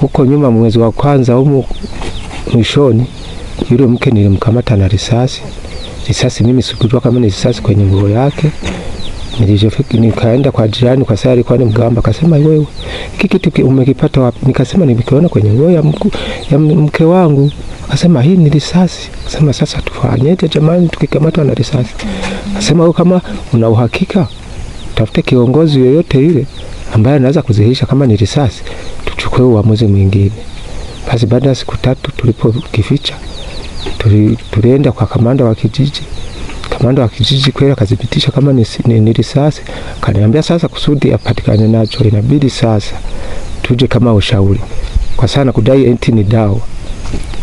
huko nyuma, mwezi wa kwanza humu mwishoni, yule mke nilimkamata na risasi risasi. Mimi sikujua kama ni risasi kwenye nguo yake. Nilishofika nikaenda kwa jirani, kwa sababu alikuwa ni mgamba. Akasema, wewe hiki kitu umekipata wapi? Nikasema, nimekiona kwenye nguo ya, ya mke wangu. Akasema, hii ni risasi. Akasema, sasa tufanyeje jamani, tukikamatwa na risasi? Akasema, wewe kama una uhakika, tafute kiongozi yoyote ile ambaye anaweza kuzihisha kama ni risasi kwa hiyo uamuzi mwingine. Basi baada ya siku tatu tulipokificha, tuli, tulienda kwa kamanda wa kijiji. Kamanda wa kijiji kweli akadhibitisha kama ni, ni, ni risasi. Kaniambia sasa, kusudi apatikane nacho inabidi sasa tuje kama ushauri, kwa sana kudai enti ni dawa.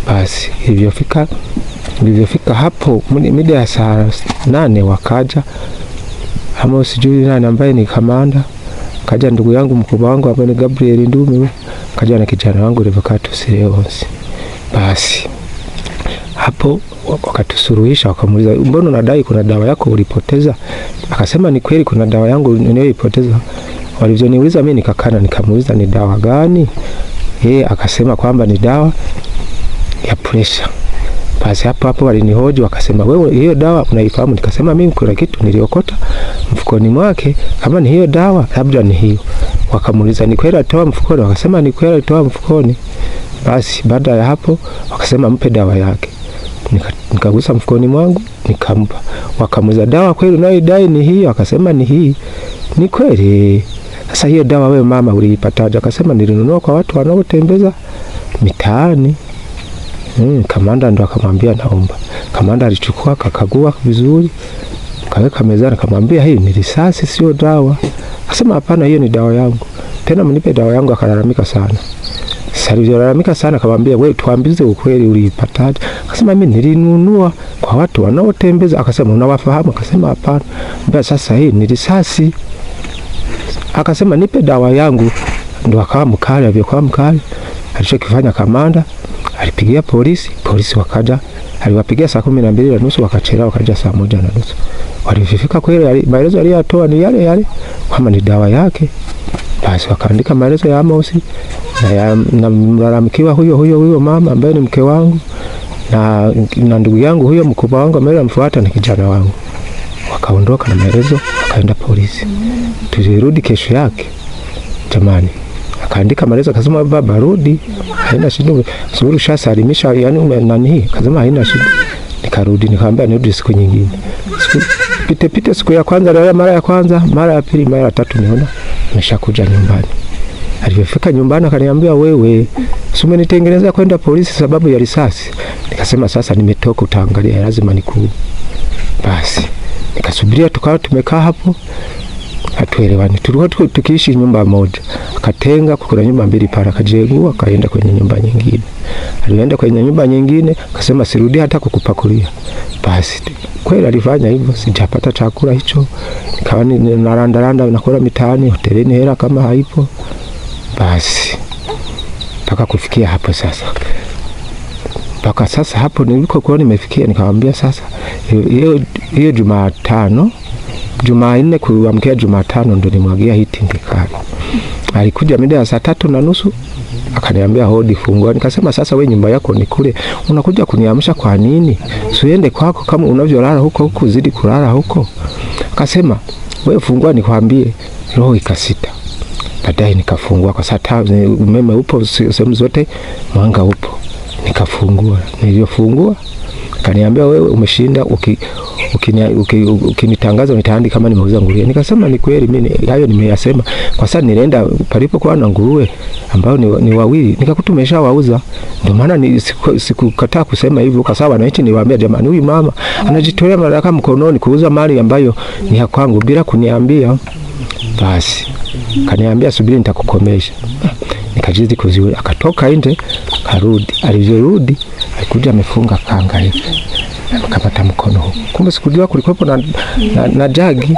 Basi ilivyofika ilivyofika hapo mida ya saa nane wakaja ama sijui nani ambaye ni kamanda kaja ndugu yangu mkubwa wangu ambaye ni Gabriel Ndume, kaja na kijana wangu Revocatus Leonce. Basi hapo wakatusuruhisha, wakamuuliza, mbona unadai kuna dawa yako ulipoteza? Akasema ni kweli, kuna dawa yangu niliyoipoteza. Walivyoniuliza mimi nikakana, nikamuuliza ni dawa gani? Yeye akasema kwamba ni dawa ya pressure. Basi hapo hapo walinihoji wakasema, wewe hiyo dawa unaifahamu? Nikasema mimi kuna kitu niliokota mfukoni mwake, kama ni hiyo dawa labda ni hiyo. Wakamuuliza ni kweli atoa mfukoni? Wakasema ni kweli atoa mfukoni. Basi baada ya hapo wakasema mpe dawa yake, nikagusa nika mfukoni mwangu nikampa. Wakamuuliza dawa kweli unaidai ni hii? Akasema ni hii. Ni kweli sasa hiyo dawa wewe mama uliipataje? Akasema nilinunua kwa watu wanaotembeza mitaani. Mm, kamanda ndo akamwambia naomba. Kamanda alichukua kakagua vizuri, kaweka mezani, kamwambia hii ni risasi, sio dawa. Akasema hapana, hiyo ni dawa yangu, tena mnipe dawa yangu. Akalalamika sana Alilalamika sana akamwambia, wewe tuambize ukweli, uliipataje? Akasema mimi nilinunua kwa watu wanaotembeza. Akasema unawafahamu? Akasema hapana. Mbona sasa hii ni risasi? Akasema nipe dawa yangu, ndo akawa mkali. Alivyokuwa mkali, alichokifanya kamanda alipigia polisi, polisi wakaja, aliwapigia saa kumi na mbili na nusu wakachelewa, wakaja saa moja na nusu. Walifika kweli, maelezo aliyotoa ni yale yale kama ni dawa yake, basi wakaandika maelezo ya Amosi na mlalamikiwa huyo huyo huyo mama ambaye ni mke wangu na, na ndugu yangu huyo mkubwa wangu ambaye namfuata ni kijana wangu. Wakaondoka na maelezo, wakaenda polisi. Tulirudi kesho yake, jamani akaandika maelezo akasema, baba rudi, haina shida, suru shasalimisha, yani nani, akasema haina shida. Nikarudi nikamwambia nirudi siku nyingine, siku pite pite, siku ya kwanza leo, mara ya kwanza, mara ya pili, mara ya tatu, niona ameshakuja nyumbani. Alivyofika nyumbani akaniambia, wewe si umenitengenezea kwenda polisi sababu ya risasi? Nikasema sasa nimetoka, utaangalia, lazima nikuu. Basi nikasubiria, tukawa tumekaa hapo hatuelewani. Tulikuwa tukiishi nyumba moja, akatenga kukura nyumba mbili pale, akajegua akaenda kwenye nyumba nyingine. Alienda kwenye nyumba nyingine akasema sirudi hata kukupakulia. Basi kweli alifanya hivyo, sijapata chakula hicho, nikawa narandaranda nakula mitaani, hotelini hela kama haipo. Basi mpaka kufikia hapo sasa mpaka sasa hapo nilikokuwa nimefikia, nikamwambia sasa, hiyo Jumatano Jumanne kuamkia Jumatano ndo nimwagia hii tindikali. Alikuja mida ya saa tatu na nusu akaniambia hodi, fungua. Nikasema sasa, we nyumba yako ni kule, unakuja kuniamsha kwa nini? Siende kwako kama unavyolala huko huko, zidi kulala huko. Akasema we fungua, nikwambie. Roho ikasita, baadaye nikafungua kwa saa tatu. Umeme upo sehemu zote, mwanga upo, nikafungua. Niliyofungua Kaniambia wewe umeshinda, ukinitangaza uki, uki, uki, nitaandika kama nimeuza nguruwe. Nikasema ni kweli mimi hayo nimeyasema, kwa sababu nilienda palipo kwa na nguruwe ambao ni, ni wawili nikakuta umeshawauza. Ndio maana sikukataa siku kusema hivyo, kwa sababu wananchi niwaambia, jamani, huyu mama anajitolea madaraka mkononi kuuza mali ambayo ni ya kwangu bila kuniambia. Basi kaniambia, subiri nitakukomesha nikajizi kuziwe Akatoka inde karudi, alivyorudi alikuja amefunga kanga hivi, akapata mkono huko, kumbe sikujua kulikuwepo na, na, na jagi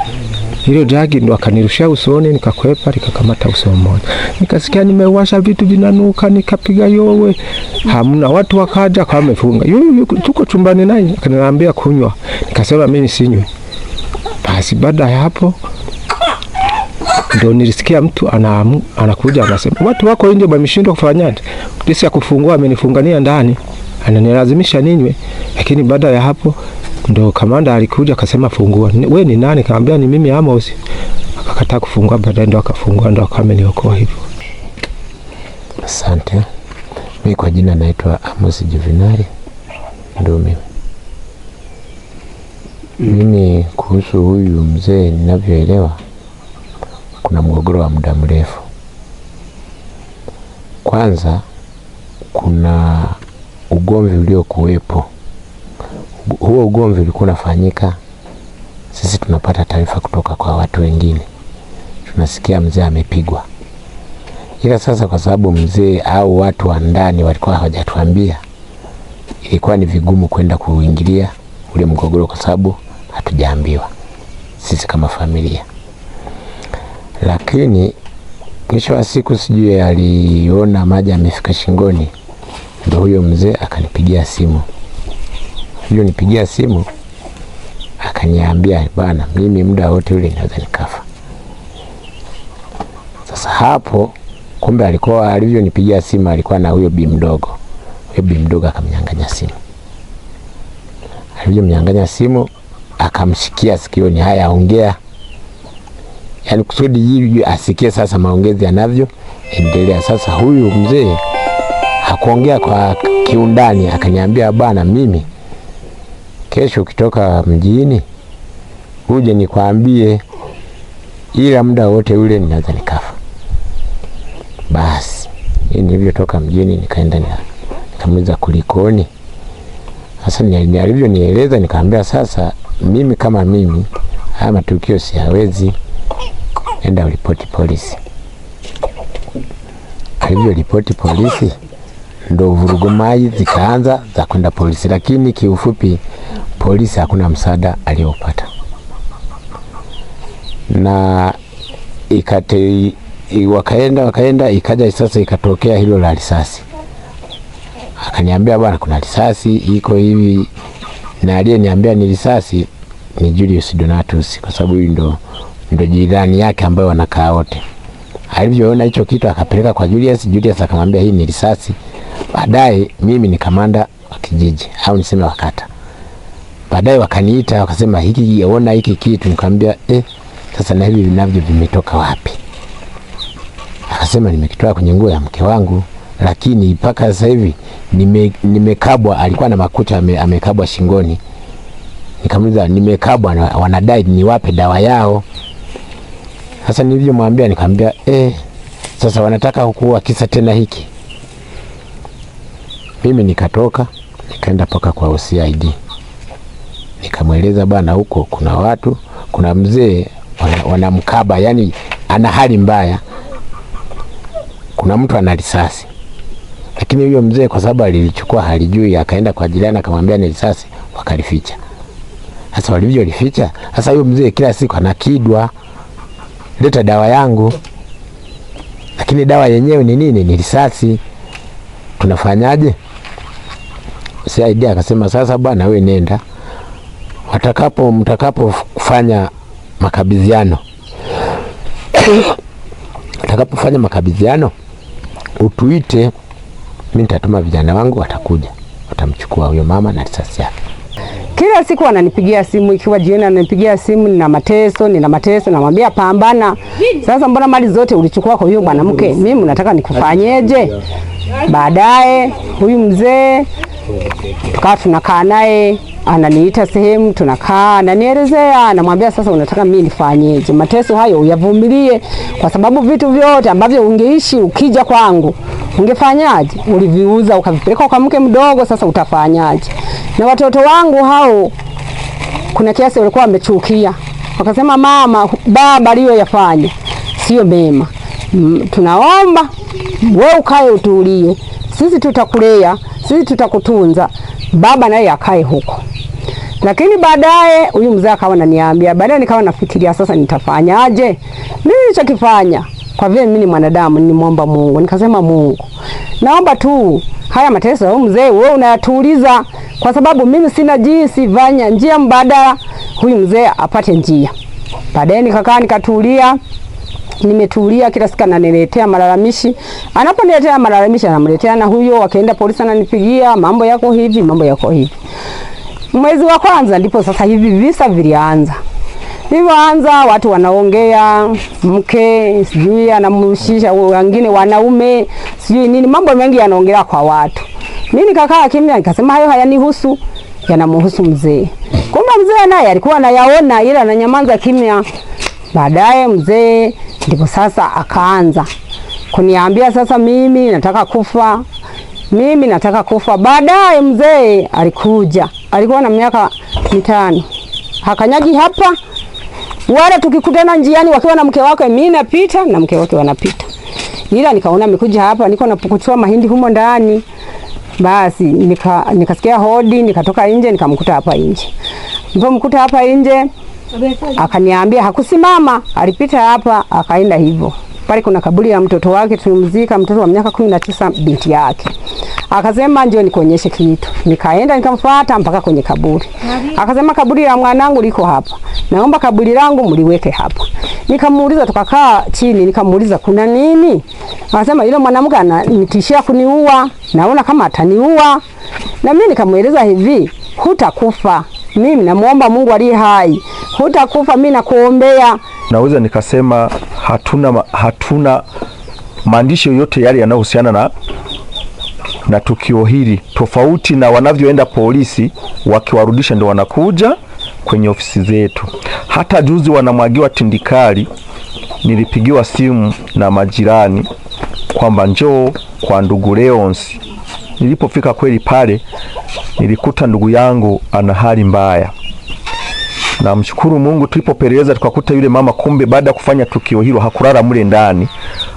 hilo jagi ndo akanirushia usoni, nikakwepa likakamata uso mmoja, nikasikia nimewasha vitu vinanuka, nikapiga yowe, hamna watu. Wakaja kwa amefunga yuyu, tuko chumbani naye akaniambia kunywa, nikasema mimi sinywe. Basi baada ya hapo ndio nilisikia mtu anam, anakuja anasema, watu wako nje wameshindwa kufanya nini? kesi ya kufungua amenifungania ndani, ananilazimisha ninywe. Lakini baada ya hapo ndo kamanda alikuja akasema, fungua. We ni nani? Kaambia ni mimi Amos. Akakataa kufungua, baadaye ndo akafungua, ndo akameniokoa hivyo. Asante. Mimi kwa jina naitwa Amos Juvenali, ndio mimi mm. mimi kuhusu huyu mzee ninavyoelewa kuna mgogoro wa muda mrefu. Kwanza kuna ugomvi uliokuwepo. Huo ugomvi ulikuwa unafanyika, sisi tunapata taarifa kutoka kwa watu wengine, tunasikia mzee amepigwa, ila sasa kwa sababu mzee au watu wa ndani walikuwa hawajatuambia, ilikuwa ni vigumu kwenda kuingilia ule mgogoro, kwa sababu hatujaambiwa sisi kama familia lakini mwisho wa siku sijui aliona maji amefika shingoni, ndo huyo mzee akanipigia simu. Nipigia simu akaniambia, bana, mimi muda wote ule naweza nikafa. Sasa hapo kumbe alikuwa alivyonipigia simu alikuwa na huyo bi mdogo, huyo bi mdogo akamnyang'anya simu. Alivyomnyang'anya simu akamshikia sikioni, haya ongea yani kusudi yeye asikie sasa maongezi yanavyo endelea. Sasa huyu mzee hakuongea kwa kiundani, akaniambia bana, mimi kesho ukitoka mjini uje nikwambie, ila muda wote ule ninaweza nikafa. Basi nilivyotoka mjini nikaenda nikamuuliza kulikoni. Sasa alivyonieleza nikaambia, sasa mimi kama mimi haya matukio siyawezi enda uripoti polisi. ripoti polisi, ndo vurugumai zikaanza za kwenda polisi, lakini kiufupi polisi hakuna msaada aliyopata na ikate, wakaenda wakaenda, ikaja sasa ikatokea hilo la risasi. Akaniambia bwana, kuna risasi iko hivi, na aliyeniambia ni risasi ni Julius Donatus, kwa sababu huyu ndo ndio jirani yake ambayo wanakaa wote. Alivyoona hicho kitu akapeleka kwa Julius. Julius akamwambia hii ni risasi. Baadaye mimi ni kamanda wa kijiji au niseme wakata. Baadaye wakaniita wakasema, hiki ona hiki kitu. Nikamwambia eh, sasa na hivi vinavyo vimetoka wapi? Akasema nimekitoa kwenye nguo ya mke wangu, lakini mpaka sasa hivi nime, nimekabwa. Alikuwa na makucha ame, amekabwa shingoni. Nikamuuliza nimekabwa, wanadai niwape dawa yao. Sasa nilivyomwambia nikamwambia, eh, sasa wanataka kuua kisa tena hiki. Mimi nikatoka nikaenda mpaka kwa OCID nikamweleza, bwana, huko kuna watu, kuna mzee wanamkaba wana, yani ana hali mbaya, kuna mtu ana risasi lakini huyo mzee kwa sababu alilichukua halijui, akaenda kwa jirani akamwambia ni risasi, wakalificha. Sasa walivyolificha, sasa huyo mzee kila siku anakidwa leta dawa yangu, lakini dawa yenyewe ni nini? Ni risasi. Tunafanyaje? CID akasema sasa, bwana wewe nenda, watakapo mtakapofanya makabidhiano utakapofanya makabidhiano utuite, mimi nitatuma vijana wangu, watakuja watamchukua huyo mama na risasi yake. Kila siku ananipigia simu, ikiwa jioni ananipigia simu, nina mateso, nina mateso. Namwambia pambana sasa, mbona mali zote ulichukua kwa huyo mwanamke, mimi nataka nikufanyeje? Baadaye huyu mzee tukawa tunakaa naye, ananiita sehemu, tunakaa, ananielezea, namwambia sasa, unataka mimi nifanyeje? Mateso hayo uyavumilie, kwa sababu vitu vyote ambavyo ungeishi ukija kwangu ungefanyaje? Uliviuza ukavipeleka kwa mke mdogo, sasa utafanyaje? Na watoto wangu hao, kuna kiasi walikuwa wamechukia, wakasema mama, baba aliyoyafanya sio mema, tunaomba wewe ukae utulie, sisi tutakulea, sisi tutakutunza, baba naye akae huko. Lakini baadaye huyu mzee akawa ananiambia, baadaye nikawa nafikiria sasa nitafanyaje? Mimi nilichokifanya kwa vile mimi ni mwanadamu, nimwomba Mungu, nikasema Mungu, naomba tu haya mateso ya mzee wewe unayatuliza, kwa sababu mimi sina jinsi, vanya njia mbadala, huyu mzee apate njia. Baadaye nikakaa nikatulia, nimetulia kila siku ananiletea malalamishi. Anaponiletea malalamishi anamletea na huyo, wakaenda polisi ananipigia, mambo yako hivi, mambo yako hivi. Mwezi wa kwanza ndipo sasa hivi visa vilianza. Ilivyoanza watu wanaongea mke, sijui anamhusisha wengine wanaume, sijui nini, mambo mengi yanaongelea kwa watu. Mimi nikakaa kimya, nikasema hayo hayanihusu, yanamhusu mzee. Kumbe mzee naye alikuwa anayaona, ila ananyamaza kimya. Baadaye mzee ndipo sasa akaanza kuniambia sasa, mimi nataka kufa, mimi nataka kufa. Baadaye mzee alikuja, alikuwa na miaka mitano, hakanyagi hapa wale tukikutana njiani wakiwa na mke wake, mimi napita na mke wake wanapita, ila nikaona amekuja hapa, niko napukuchua mahindi humo ndani. Basi nika nikasikia hodi, nikatoka nje, nikamkuta hapa nje. Nilipomkuta hapa nje, akaniambia hakusimama, alipita hapa akaenda hivyo. Pale kuna kaburi ya mtoto wake, tulimzika mtoto wa miaka kumi binti yake. Akasema njoo nikuonyeshe kitu. Nikaenda nikamfuata mpaka kwenye kaburi. Akasema kaburi la mwanangu liko hapa, naomba kaburi langu mliweke hapa. Nikamuuliza, tukakaa chini, nikamuuliza kuna nini? Akasema yule mwanamke ananitishia kuniua, naona kama ataniua. Na mimi nikamweleza hivi, hutakufa, mimi namuomba Mungu aliye hai, hutakufa, mimi nakuombea. Naweza nikasema hatuna, hatuna maandishi yoyote yale yanayohusiana na na tukio hili, tofauti na wanavyoenda polisi wakiwarudisha ndio wanakuja kwenye ofisi zetu. Hata juzi wanamwagiwa tindikali, nilipigiwa simu na majirani kwamba njoo kwa ndugu Leonsi. Nilipofika kweli pale nilikuta ndugu yangu ana hali mbaya. Namshukuru Mungu, tulipopeleleza tukakuta yule mama, kumbe baada ya kufanya tukio hilo hakulala mule ndani,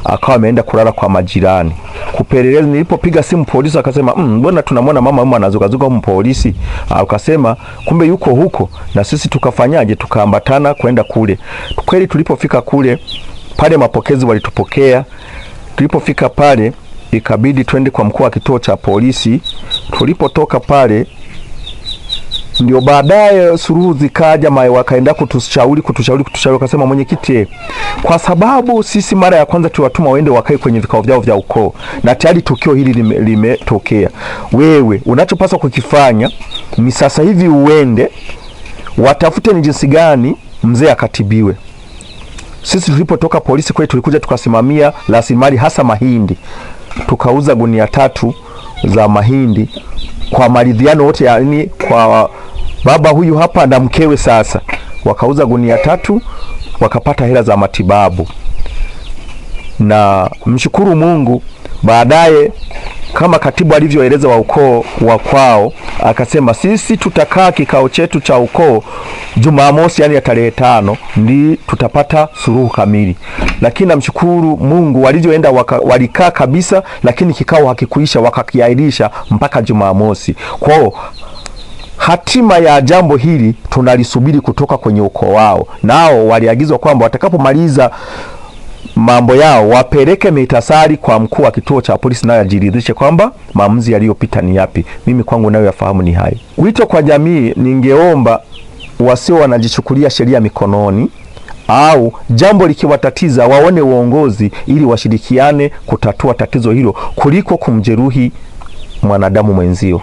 akawa ameenda kulala kwa majirani. Kupeleleza, nilipopiga simu polisi akasema mm, mbona, mm, tunamwona mama mama anazukazuka huko. Polisi akasema kumbe yuko huko, na sisi tukafanyaje, tukaambatana kwenda kule. Kweli tulipofika kule pale mapokezi walitupokea. Tulipofika pale ikabidi twende kwa mkuu wa kituo cha polisi. Tulipotoka pale ndio baadaye suruhu zikaja mae wakaenda kutushauri kutushauri kutushauri, wakasema mwenyekiti, kwa sababu sisi mara ya kwanza tuwatuma waende wakae kwenye vikao vyao vya ukoo na tayari tukio hili limetokea, lime wewe unachopaswa kukifanya ni sasa hivi uende watafute ni jinsi gani mzee akatibiwe. Sisi tulipotoka polisi kwetu, tulikuja tukasimamia rasilimali hasa mahindi, tukauza gunia tatu za mahindi kwa maridhiano wote, yani kwa Baba huyu hapa na mkewe sasa wakauza gunia tatu wakapata hela za matibabu, na mshukuru Mungu. Baadaye kama katibu alivyoeleza wa ukoo wa kwao, akasema sisi tutakaa kikao chetu cha ukoo Jumamosi, yani ya tarehe tano, ndi tutapata suluhu kamili. Lakini namshukuru Mungu, walivyoenda walikaa kabisa, lakini kikao hakikuisha, wakakiahirisha mpaka Jumamosi kwao Hatima ya jambo hili tunalisubiri kutoka kwenye ukoo wao. Nao waliagizwa kwamba watakapomaliza mambo yao wapeleke mitasari kwa mkuu wa kituo cha polisi, naye ajiridhishe kwamba maamuzi yaliyopita ni yapi. Mimi kwangu nayo yafahamu ni hayo. Wito kwa jamii, ningeomba wasio wanajichukulia sheria mikononi au jambo likiwatatiza waone uongozi ili washirikiane kutatua tatizo hilo kuliko kumjeruhi mwanadamu mwenzio.